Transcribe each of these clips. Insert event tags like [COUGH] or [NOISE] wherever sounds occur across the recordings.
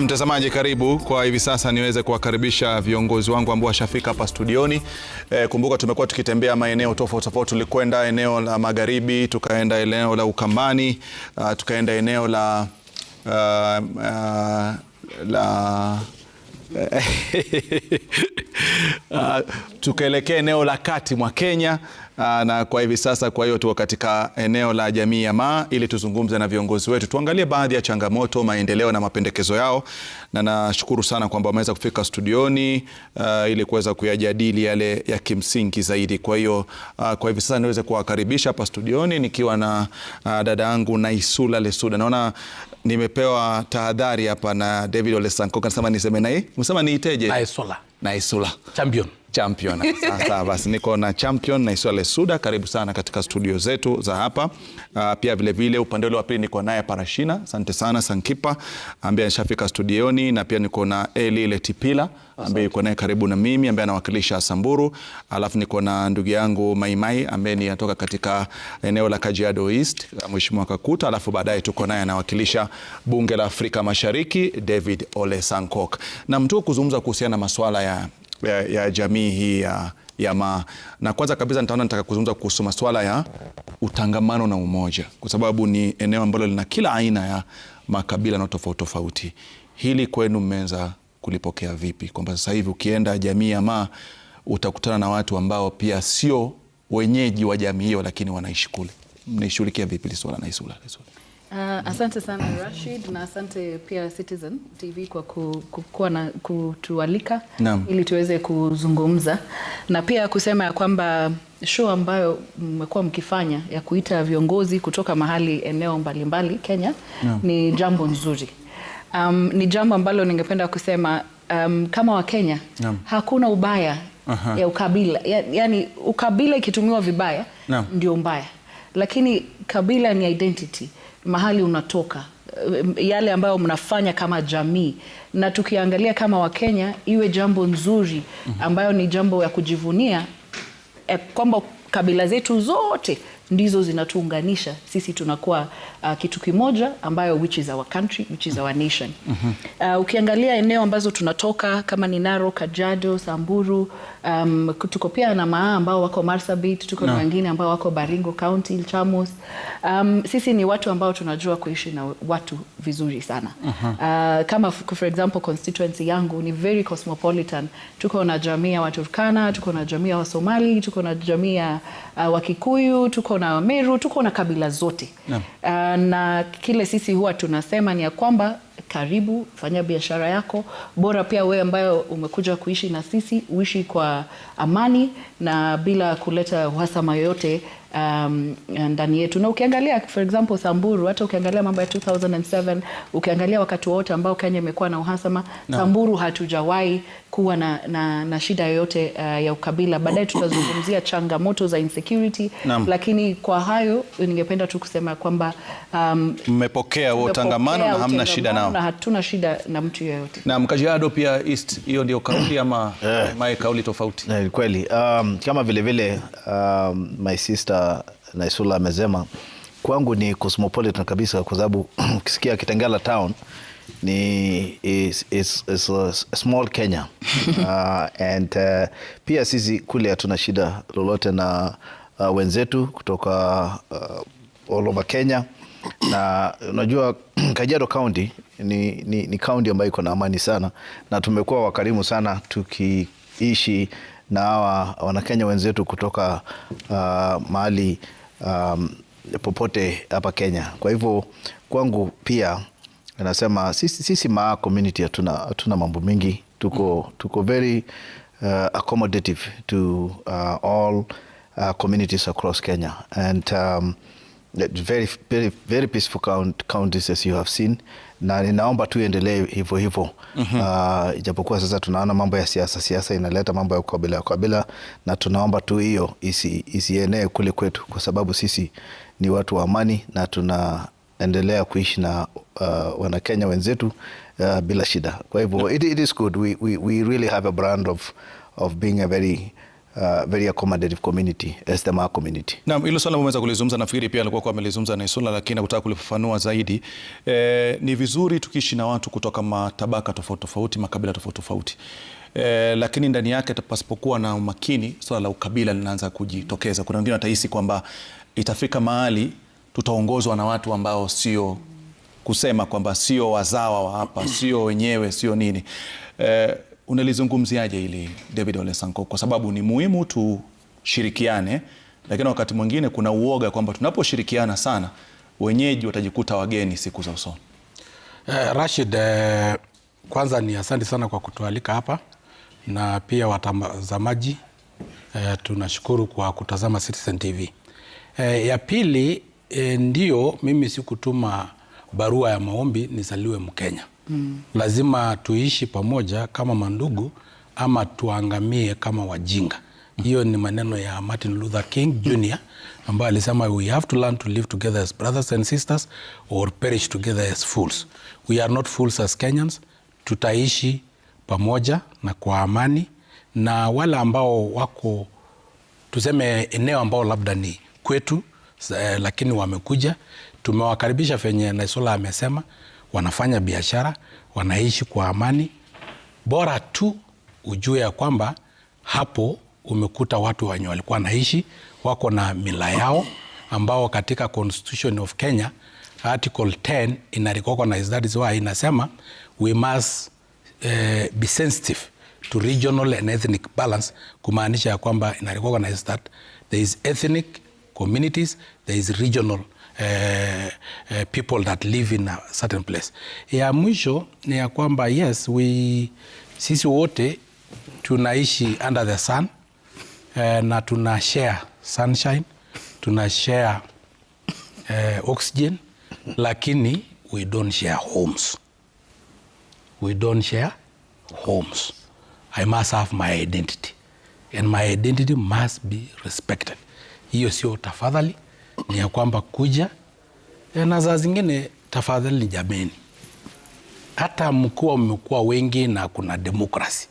mtazamaji, karibu kwa hivi sasa niweze kuwakaribisha viongozi wangu ambao washafika hapa studioni. E, kumbuka tumekuwa tukitembea maeneo tofauti tofauti, tulikwenda eneo la magharibi, tukaenda eneo la Ukambani, uh, tukaenda eneo la uh, uh, la uh, [LAUGHS] tukaelekea eneo la kati mwa Kenya. Ah, na kwa hivi sasa, kwa hiyo tuko katika eneo la jamii ya Maa ili tuzungumze na viongozi wetu, tuangalie baadhi ya changamoto, maendeleo na mapendekezo yao, na nashukuru sana kwamba wameweza kufika studioni uh, ili kuweza kuyajadili yale ya kimsingi zaidi. Kwa hiyo uh, kwa hivi sasa niweze kuwakaribisha hapa studioni nikiwa na uh, dada yangu Naisula Lesuda. Naona nimepewa tahadhari hapa na David Olesanko, nasema niseme naye, msema niiteje? Naisula. Naisula. Champion champion. [LAUGHS] Sasa basi niko na champion na Isole Suda, karibu sana katika studio zetu za hapa. Uh, pia vile vile upande ule wa pili niko naye Parashina, asante sana Sankipa ambaye anashafika studioni, na pia niko na Eli Letipila ambaye yuko naye karibu na mimi ambaye anawakilisha Samburu, alafu niko na ndugu yangu Maimai ambaye ni anatoka katika eneo la Kajiado East, Mheshimiwa Kakuta, alafu baadaye tuko naye anawakilisha bunge la Afrika Mashariki David Ole Sankok, na mtu kuzungumza kuhusiana na masuala ya ya, ya jamii hii ya, ya maa. Na kwanza kabisa nitaona nitaka kuzungumza kuhusu masuala ya utangamano na umoja, kwa sababu ni eneo ambalo lina kila aina ya makabila na tofauti tofauti. Hili kwenu mmeweza kulipokea vipi, kwamba sasa hivi ukienda jamii ya maa utakutana na watu ambao pia sio wenyeji wa jamii hiyo, lakini wanaishi kule? Mnaishughulikia vipi swala na isula, isula. Uh, asante sana Rashid na asante pia Citizen TV kwa ku, na kutualika ili tuweze kuzungumza na pia kusema ya kwamba show ambayo mmekuwa mkifanya ya kuita viongozi kutoka mahali eneo mbalimbali mbali, Kenya Naam. ni jambo nzuri. Um, ni jambo ambalo ningependa kusema um, kama Wakenya hakuna ubaya Aha. ya ukabila ya, yani ukabila ikitumiwa vibaya Naam. ndio mbaya, lakini kabila ni identity mahali unatoka, eh, yale ambayo mnafanya kama jamii, na tukiangalia kama Wakenya, iwe jambo nzuri mhm. ambayo ni jambo ya kujivunia eh, kwamba kabila zetu zote ndizo zinatuunganisha sisi, tunakuwa uh, kitu kimoja ambayo which is our country, which is our nation. mm -hmm. Uh, ukiangalia eneo ambazo tunatoka kama ni Narok, Kajado, Samburu, um, tuko pia na Maa ambao wako Marsabit, tuko na wengine ambao wako Baringo County, Ilchamos. Um, sisi ni watu ambao tunajua kuishi na watu vizuri sana. Uh-huh. Uh, kama for example constituency yangu ni very cosmopolitan. Tuko na jamii ya Waturkana, tuko na jamii ya Wasomali, tuko na jamii ya uh, Wakikuyu, tuko tuko na Wameru, tuko na kabila zote na, uh, ah, na kile sisi huwa tunasema ni ya kwamba karibu, fanya biashara yako, bora pia wewe ambayo umekuja kuishi na sisi uishi kwa amani na bila kuleta uhasama yoyote um, ndani yetu, na ukiangalia for example Samburu, hata ukiangalia mambo ya 2007 ukiangalia wakati wote ambao Kenya imekuwa na uhasama no. Samburu hatujawahi kuwa na, na, na shida yoyote uh, ya ukabila. Baadaye tutazungumzia changamoto za insecurity no. Lakini kwa hayo ningependa tu kusema kwamba um, mmepokea um, utangamano na hamna shida nao na hatuna shida na mtu yoyote. Na Kajiado pia East, hiyo ndio kauli ama eh. mae kauli tofauti? Eh, kweli um, kama vile vile um, my sister Naisula amesema kwangu ni cosmopolitan kabisa, kwa sababu [CLEARS THROAT] ukisikia Kitengela town ni is, is, is a small Kenya [LAUGHS] uh, and uh, pia sisi kule hatuna shida lolote na uh, wenzetu kutoka uh, all over Kenya na unajua [CLEARS THROAT] Kajiado County ni, ni, ni county ambayo iko na amani sana na tumekuwa wakarimu sana tukiishi na hawa Wanakenya wenzetu kutoka uh, mahali um, popote hapa Kenya. Kwa hivyo kwangu pia anasema sisi, sisi Maa community hatuna hatuna mambo mingi, tuko tuko very uh, accommodative to uh, all uh, communities across Kenya and um, very, very, very peaceful counties as you have seen, na ninaomba tu iendelee hivyo hivyo mm -hmm. uh, ijapokuwa sasa tunaona mambo ya siasa siasa inaleta mambo ya ukabila ukabila, na tunaomba tu hiyo isi, isienee kule kwetu, kwa sababu sisi ni watu wa amani na tunaendelea kuishi na uh, Wanakenya wenzetu uh, bila shida. Kwa hivyo it, it is good we, we, we really have a brand of, of being a very Uh, very accommodative community, as the Maa community. Naam, hilo swala umeweza kulizungumza, nafikiri pia alikuwa kwa amelizungumza na Isula, lakini nataka kulifafanua zaidi. E, ni vizuri tukiishi na watu kutoka matabaka tofauti tofauti, makabila tofauti tofauti. Eh, lakini ndani yake pasipokuwa na umakini swala la ukabila linaanza kujitokeza. Kuna wengine watahisi kwamba itafika mahali tutaongozwa na watu ambao sio kusema kwamba sio wazawa wa hapa, sio wenyewe, sio nini eh, unalizungumziaje hili David Ole Sanko? Kwa sababu ni muhimu tushirikiane, lakini wakati mwingine kuna uoga kwamba tunaposhirikiana sana wenyeji watajikuta wageni siku za usoni. Eh, Rashid, eh, kwanza ni asante sana kwa kutualika hapa na pia watazamaji eh, tunashukuru kwa kutazama Citizen TV. Eh, ya pili eh, ndio mimi sikutuma barua ya maombi nizaliwe Mkenya mm. lazima tuishi pamoja kama mandugu ama tuangamie kama wajinga. Hiyo ni maneno ya Martin Luther King Jr. ambaye alisema we have to learn to live together as brothers and sisters or perish together as fools. We are not fools as Kenyans. Tutaishi pamoja na kwa amani, na wale ambao wako tuseme eneo ambao labda ni kwetu eh, lakini wamekuja tumewakaribisha venye Naisola amesema wanafanya biashara, wanaishi kwa amani, bora tu ujue ya kwamba hapo umekuta watu wenye walikuwa naishi wako na mila yao, ambao katika Constitution of Kenya Article 10 ina recognize that is why inasema we must uh, be sensitive to regional and ethnic balance, kumaanisha ya kwamba ina recognize that there is ethnic communities, there is regional uh, people that live in a certain place. Ya mwisho ni ya kwamba yes, we sisi wote tunaishi under the sun uh, na tuna share sunshine, tuna share uh, oxygen, lakini we don't share homes. We don't share homes. I must have my identity and my identity must be respected. Hiyo sio tafadhali ni ya kwamba kuja e, na saa zingine, tafadhali ni jameni, hata mkuwa mmekuwa wengi na kuna demokrasi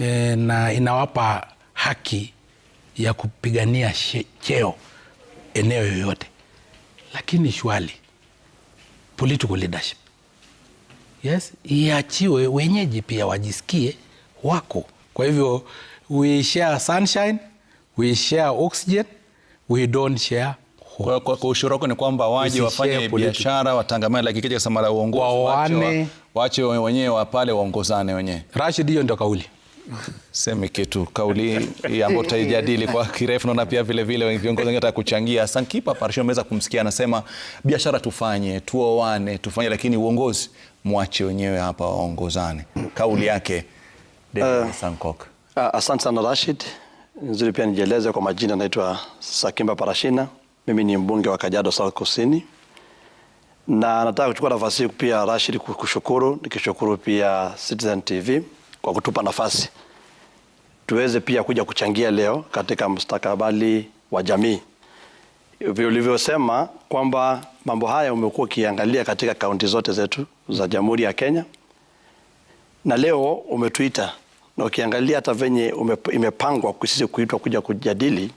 e, na inawapa haki ya kupigania cheo eneo yoyote, lakini shwali political leadership yes, iachiwe wenyeji pia wajisikie wako. Kwa hivyo we share sunshine, we share oxygen we don't share hope. Kwa, kwa ushuru wako ni kwamba waje wafanye biashara watangamane, lakini kija sama la uongozi waone, waache wenyewe pale waongozane wenyewe. Rashid, hiyo ndio kauli seme kitu kauli hii ambayo tutaijadili kwa kirefu. na pia vile vile viongozi wengine wataka kuchangia. Sankipa Parsho ameweza kumsikia, anasema biashara tufanye, tuoane, tufanye, lakini uongozi mwache wenyewe hapa waongozane. Kauli yake uh, Sankok. Uh, asante sana Rashid. Nzuri pia nijieleze kwa majina, naitwa Sakimba Parashina, mimi ni mbunge wa Kajado South Kusini, na nataka kuchukua nafasi hii pia Rashid kushukuru, nikishukuru pia Citizen TV kwa kutupa nafasi tuweze pia kuja kuchangia leo katika mustakabali wa jamii. Ulivyosema kwamba mambo haya umekuwa ukiangalia katika kaunti zote zetu za Jamhuri ya Kenya, na leo umetuita na ukiangalia hata venye imepangwa sisi kuitwa kuja kujadili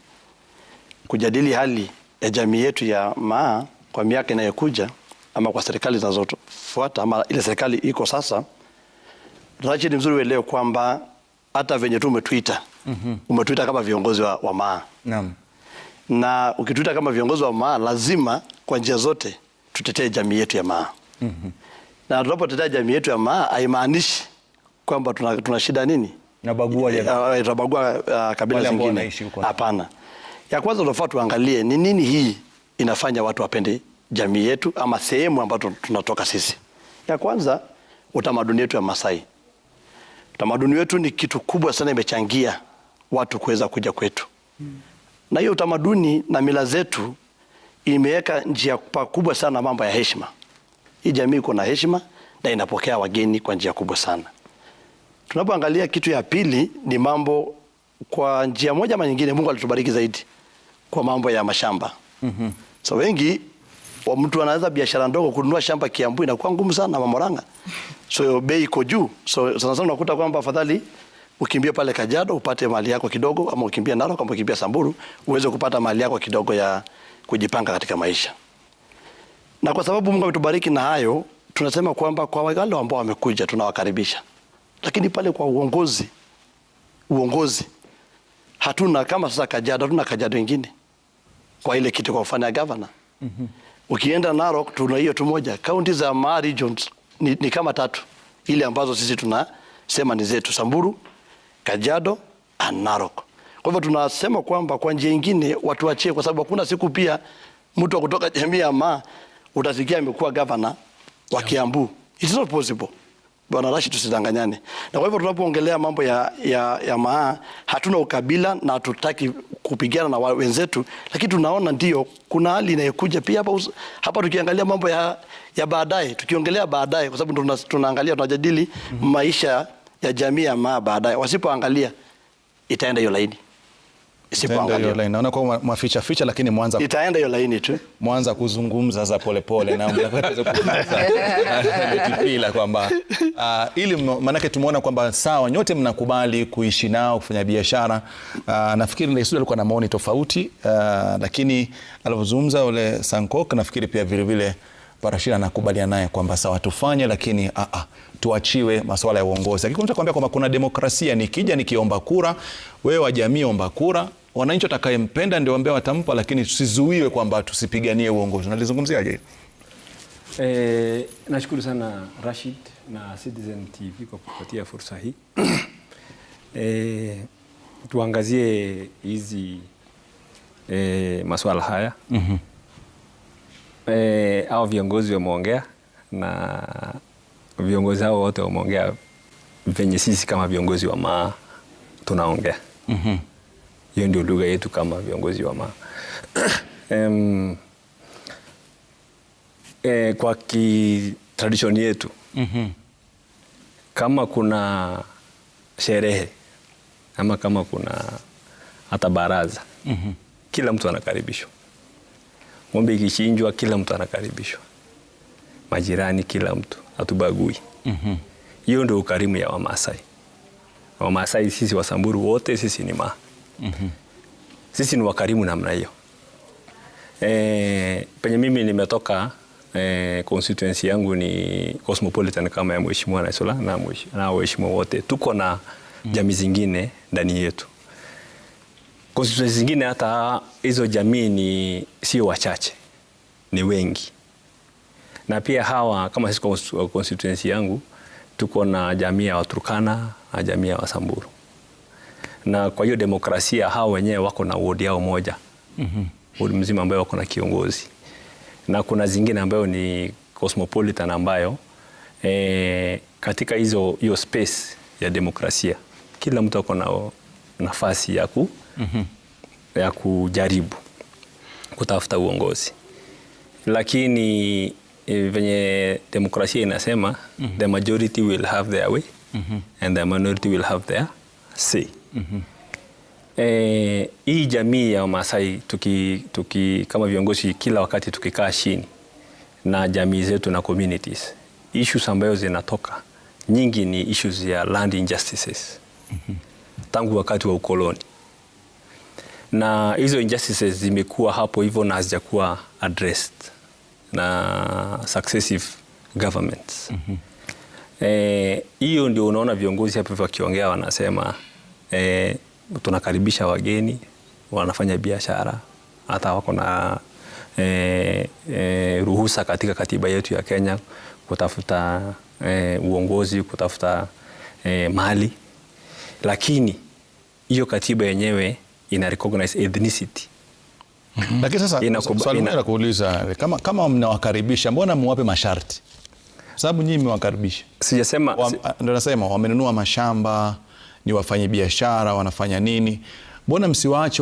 kujadili hali ya jamii yetu ya Maa kwa miaka inayokuja ama kwa serikali zinazofuata ama ile serikali iko sasa, Rashid, ni mzuri uelewe kwamba hata venye tu umetuita mm -hmm. umetuita kama viongozi wa, wa Maa Naam. na ukituita kama viongozi wa Maa lazima kwa njia zote tutetee jamii yetu ya Maa mm -hmm. na tunapotetea jamii yetu ya Maa haimaanishi kwamba tuna, tuna shida nini tunabagua uh, eh, eh, ah, kabila zingine. Hapana, ya kwanza tunafaa tuangalie ni nini hii inafanya watu wapende jamii yetu ama sehemu ambayo tunatoka sisi. Ya kwanza utamaduni wetu ya Masai. Utamaduni wetu ni kitu kubwa sana, imechangia watu kuweza kuja kwetu hmm. na hiyo utamaduni na mila zetu imeweka njia kubwa sana mambo ya heshima. Hii jamii iko na heshima na inapokea wageni kwa njia kubwa sana. Tunapoangalia kitu ya pili ni mambo, kwa njia moja ama nyingine, Mungu alitubariki zaidi kwa mambo ya mashamba mm -hmm. So wengi wa mtu anaweza biashara ndogo, kununua shamba Kiambu inakuwa ngumu sana Moranga. so bei iko juu. So sana sana unakuta kwamba afadhali ukimbie pale Kajado upate mali yako kidogo, ama ukimbie Narok, ama ukimbie Samburu uweze kupata mali yako kidogo ya kujipanga katika maisha. Na kwa sababu Mungu ametubariki na hayo, tunasema kwamba kwa wale ambao wamekuja tunawakaribisha. Lakini pale kwa uongozi, uongozi hatuna kama sasa Kajiado, hatuna Kajiado ingine kwa ile kitu kwa kufanya governor. Mm -hmm. Ukienda Narok tuna hiyo tu moja. Kaunti za ma regions ni, ni kama tatu ile ambazo sisi tunasema ni zetu Samburu, Kajiado and Narok. Kwa hivyo tunasema kwamba kwa njia nyingine watu wachie, kwa sababu hakuna siku pia mtu kutoka jamii ya ma utasikia amekuwa governor wa Kiambu. It is not possible. Bwana Rashi, tusidanganyane. Na kwa hivyo tunapoongelea mambo ya, ya, ya maa, hatuna ukabila na hatutaki kupigana na wenzetu, lakini tunaona ndio kuna hali inayokuja pia hapa, hapa tukiangalia mambo ya, ya baadaye, tukiongelea baadaye, kwa sababu tuna, tunaangalia tunajadili mm -hmm. maisha ya jamii ya maa baadaye, wasipoangalia itaenda hiyo laini itaenda hiyo laini. Naona kwa mwaficha ficha, lakini mwanza itaenda hiyo laini tu, mwanza kuzungumza za polepole na mnapila [LAUGHS] kwamba uh, ili maanake tumeona kwamba sawa, nyote mnakubali kuishi nao kufanya biashara uh, nafikiri Lesudi alikuwa na maoni tofauti uh, lakini alivyozungumza ule Sankok nafikiri pia vilevile Parashina anakubaliana naye kwamba sawa tufanye, lakini a a tuachiwe masuala ya uongozi. Lakini Akikuambia kwamba kuna demokrasia, nikija nikiomba kura, wewe wa jamii omba kura wananchi watakayempenda ndio ambao watampa, lakini tusizuiwe kwamba tusipiganie uongozi. Nalizungumziaje? Eh, nashukuru sana Rashid na Citizen TV kwa kupatia fursa hii. [CLEARS THROAT] Eh, tuangazie hizi eh, maswala haya mm -hmm. Eh, au viongozi wameongea na viongozi hao wote wameongea venye sisi kama viongozi wa maa tunaongea mm -hmm. Hiyo ndio lugha yetu kama viongozi wa ma um, [COUGHS] e, kwa kitradishoni yetu mm -hmm. Kama kuna sherehe ama kama kuna hata baraza mm -hmm. Kila mtu anakaribishwa. Ng'ombe ikichinjwa, kila mtu anakaribishwa, majirani, kila mtu hatubagui. mm -hmm. Hiyo ndio ukarimu ya Wamasai. Wamasai sisi Wasamburu wote sisi ni maa mm -hmm. Sisi ni wakarimu namna hiyo e, penye mimi nimetoka e, constituency yangu ni cosmopolitan kama ya mheshimiwa Naisula na na waheshimiwa wote tuko na mm -hmm. jamii zingine ndani yetu constituency zingine hata hizo jamii ni sio wachache, ni wengi, na pia hawa kama sisi constituency yangu tuko na jamii ya Waturkana na jamii ya Wasamburu na kwa hiyo demokrasia hao wenyewe wako na wodi yao moja mm -hmm. mzima ambayo wako na kiongozi na kuna zingine ambayo ni cosmopolitan ambayo e, katika hizo hiyo space ya demokrasia kila mtu ako na nafasi ya ku mm -hmm. ya kujaribu kutafuta uongozi lakini e, venye demokrasia inasema mm -hmm. the majority will have their way mm -hmm. and the minority will have their say mm -hmm. E, hii jamii ya Wamasai tuki, tuki kama viongozi kila wakati tukikaa chini na jamii zetu na communities, issues ambayo zinatoka nyingi ni issues ya land injustices mm -hmm. tangu wakati wa ukoloni na hizo injustices zimekuwa hapo hivyo na hazijakuwa addressed na successive governments. Mhm. Eh, hiyo mm -hmm. ndio unaona viongozi hapo wakiongea wanasema e, tunakaribisha wageni wanafanya biashara hata wako na e, e, ruhusa katika katiba yetu ya Kenya kutafuta e, uongozi kutafuta e, mali, lakini hiyo katiba yenyewe ina recognize ethnicity. Mm -hmm. Lakini sasa swali ina... la kuuliza kama, kama mnawakaribisha mbona muwape masharti? Sababu nyinyi mmewakaribisha, sijasema ndio nasema wamenunua mashamba ni biashara wanafanya nini, mbona msiwaache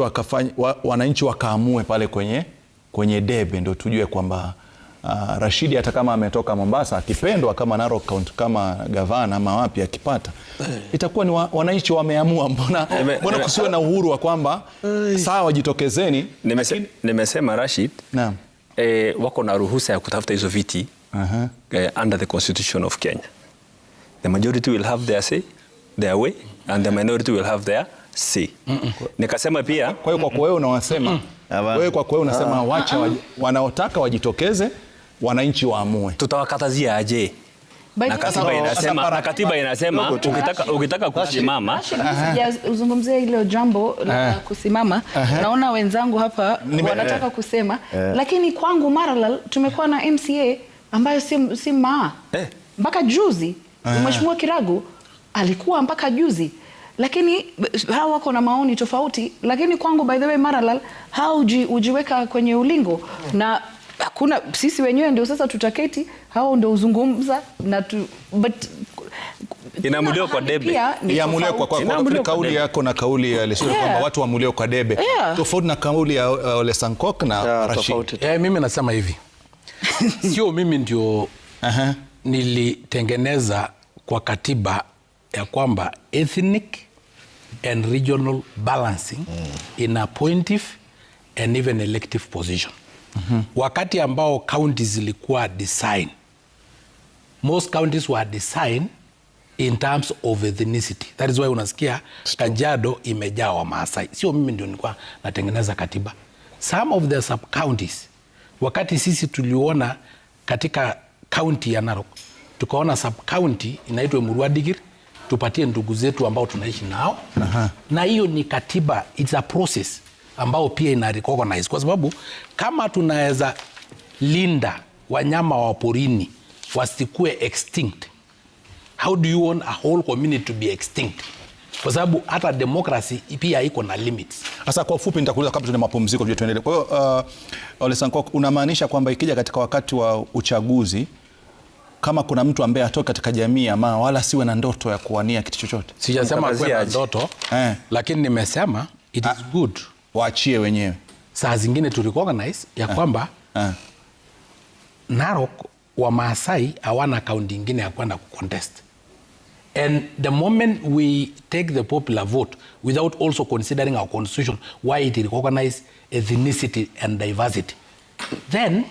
wa, wananchi wakaamue pale kwenye, kwenye debe, ndio tujue kwamba uh, Rashidi hata kama ametoka Mombasa akipendwa kama Narok County kama gavana ama wapi akipata eh. itakuwa ni wa, wananchi wameamua. Mbona, [LAUGHS] mbona kusiwe na uhuru wa kwamba sawa wajitokezeni? Nimesema, nimesema Rashid naam. E, wako na ruhusa ya kutafuta hizo viti uh -huh. E, under the constitution of Kenya the majority will have their say their way and the minority will have their say. Nikasema pia kwa hiyo kwa kwa wewe unawasema mm. wewe kwa wewe unasema ah. wacha wanaotaka wajitokeze wananchi waamue. Tutawakatazia aje? Na katiba inasema, na katiba inasema ukitaka ukitaka kusimama. Uzungumzie ile jambo la eh. kusimama. Eh. Naona wenzangu hapa wanataka eh. kusema, lakini kwangu Maralal tumekuwa na MCA ambayo si si maa mpaka juzi Mheshimiwa Kiragu alikuwa mpaka juzi, lakini hawa wako na maoni tofauti. Lakini kwangu by the way, Maralal hao uji, ujiweka kwenye ulingo na hakuna, sisi wenyewe ndio sasa tutaketi, hao ndio uzungumza na tu, but inaamuliwa kwa debe, inaamuliwa kwa, kwa, kwa, kwa kwa kauli yako na kauli ya Lesure yeah, kwamba watu waamuliwe kwa debe yeah, tofauti na kauli ya Ole Sankok na yeah, Rashid. Yeah, mimi nasema hivi [LAUGHS] sio mimi ndio uh -huh. nilitengeneza kwa katiba ya kwamba ethnic and regional balancing mm. in appointive and even elective position mm -hmm. Wakati ambao counties zilikuwa design, most counties were design in terms of ethnicity. That is why unasikia kajado imejaa Wamaasai. Sio mimi ndio nilikuwa natengeneza katiba. Some of the sub counties, wakati sisi tuliona katika county ya Narok tukaona sub county inaitwa Emurua tupatie ndugu zetu ambao tunaishi nao Aha. na hiyo ni katiba, it's a process ambao pia ina recognize kwa sababu kama tunaweza linda wanyama wa porini wasikue extinct, how do you want a whole community to be extinct? Kwa sababu hata demokrasi pia iko na limits. Sasa kwa ufupi nitakuuliza kabla tuende mapumziko, tuendelee. Kwa hiyo uh, Ole Sankok, unamaanisha kwamba ikija katika wakati wa uchaguzi kama kuna mtu ambaye atoka katika jamii ama wala siwe na ndoto ya kuwania kitu chochote. Sijasema kuwa na ndoto eh, lakini nimesema it is ah. good waachie wenyewe. Saa zingine tuliorganize ya eh. kwamba eh, Narok wa Maasai hawana kaunti nyingine ya kwenda kucontest and the moment we take the popular vote without also considering our constitution why it recognize ethnicity and diversity then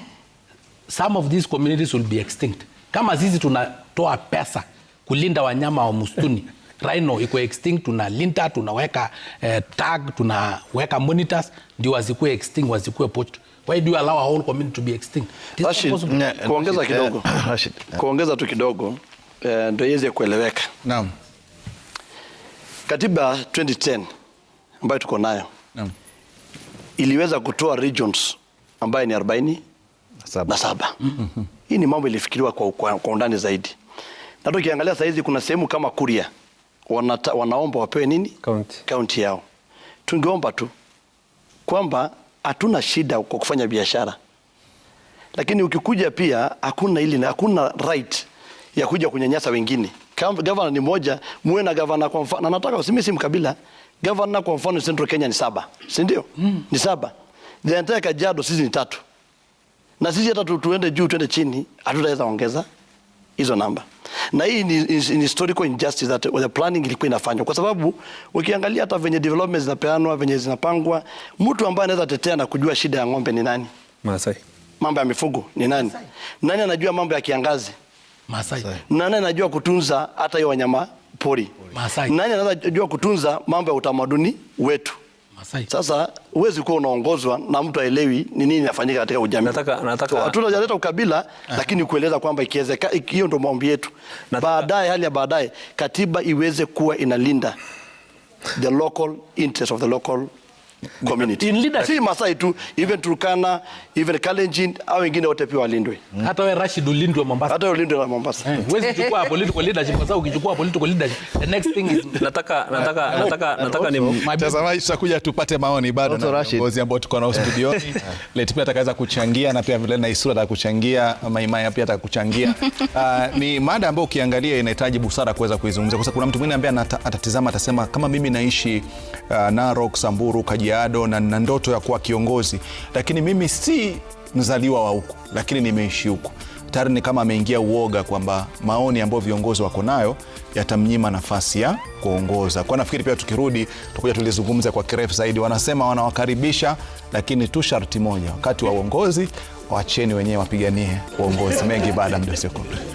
some of these communities will be extinct kama sisi tunatoa pesa kulinda wanyama wa msituni [LAUGHS] rhino iko extinct, tunalinda, tunaweka eh, tag, tunaweka monitors ndio wazikue extinct, wazikue poached. Why do you allow a whole community to be extinct? Rashid, eh, kuongeza eh, kidogo eh, Rashid, kuongeza tu kidogo eh, ndio iweze kueleweka. Naam. Katiba 2010 ambayo tuko nayo. Naam. Iliweza kutoa regions ambayo ni 47. Na saba. Mm-hmm. Hii ni mambo ilifikiriwa kwa, kwa, kwa undani zaidi. Na tukiangalia sasa hizi kuna sehemu kama Kuria wanata, wanaomba wapewe nini? kaunti, kaunti yao. Tungeomba tu kwamba hatuna shida kwa kufanya biashara. Lakini ukikuja pia hakuna ili na hakuna right ya kuja kunyanyasa wengine. Gavana ni moja, muwe na gavana kwa mfano. Na nataka usimi usimisi mkabila. Gavana kwa mfano Central Kenya ni saba. Si ndio? Mm. Ni saba. The entire Kajiado sisi ni tatu na sisi hata tuende juu tuende chini hatutaweza ongeza hizo namba, na hii ni, ni ni historical injustice that the planning ilikuwa inafanywa, kwa sababu ukiangalia hata venye development zinapeanwa venye zinapangwa, mtu ambaye anaweza tetea na kujua shida ya ng'ombe ni nani? Masai. Mambo ya mifugo ni nani? Masai. Nani anajua mambo ya kiangazi? Masai. Nani anajua kutunza hata hiyo wanyama pori? Masai. Nani anajua kutunza mambo ya utamaduni wetu? Masai. Sasa huwezi kuwa unaongozwa na mtu aelewi ni nini inafanyika katika ujamii. Nataka nataka hatuna jaleta ukabila Aha. lakini kueleza kwamba ikiwezeka hiyo ndio maombi yetu, baadaye, hali ya baadaye katiba iweze kuwa inalinda the local interest of the local community. In leadership. Si Masai tu, even Turkana, even Kalenjin, au wengine wote pia walindwe. Hmm. Hata wewe Rashid ulindwe Mombasa. Hata wewe ulindwe na Mombasa. Eh, huwezi [LAUGHS] kuchukua political leadership kwa sababu ukichukua political leadership, the next thing is [LAUGHS] nataka nataka nataka nataka ni tazamaji tutakuja tupate maoni bado na viongozi ambao tuko nao studioni. [LAUGHS] Leti pia atakaweza kuchangia na pia vile na Isura atakuchangia, Maimaya pia atakuchangia. Uh, ah, ni mada ambayo ukiangalia inahitaji busara kuweza kuizungumzia kwa sababu kuna mtu mwingine ambaye atatizama atasema kama mimi naishi uh, Narok, Samburu, Kajiado mahojiano na nina ndoto ya kuwa kiongozi, lakini mimi si mzaliwa wa huku, lakini nimeishi huku tayari. Ni kama ameingia uoga kwamba maoni ambayo viongozi wako nayo yatamnyima nafasi ya kuongoza. Kwa nafikiri pia tukirudi tutakuja tulizungumza kwa kirefu zaidi. Wanasema wanawakaribisha, lakini tu sharti moja, wakati wa uongozi wacheni wenyewe wapiganie uongozi. Mengi baada ya muda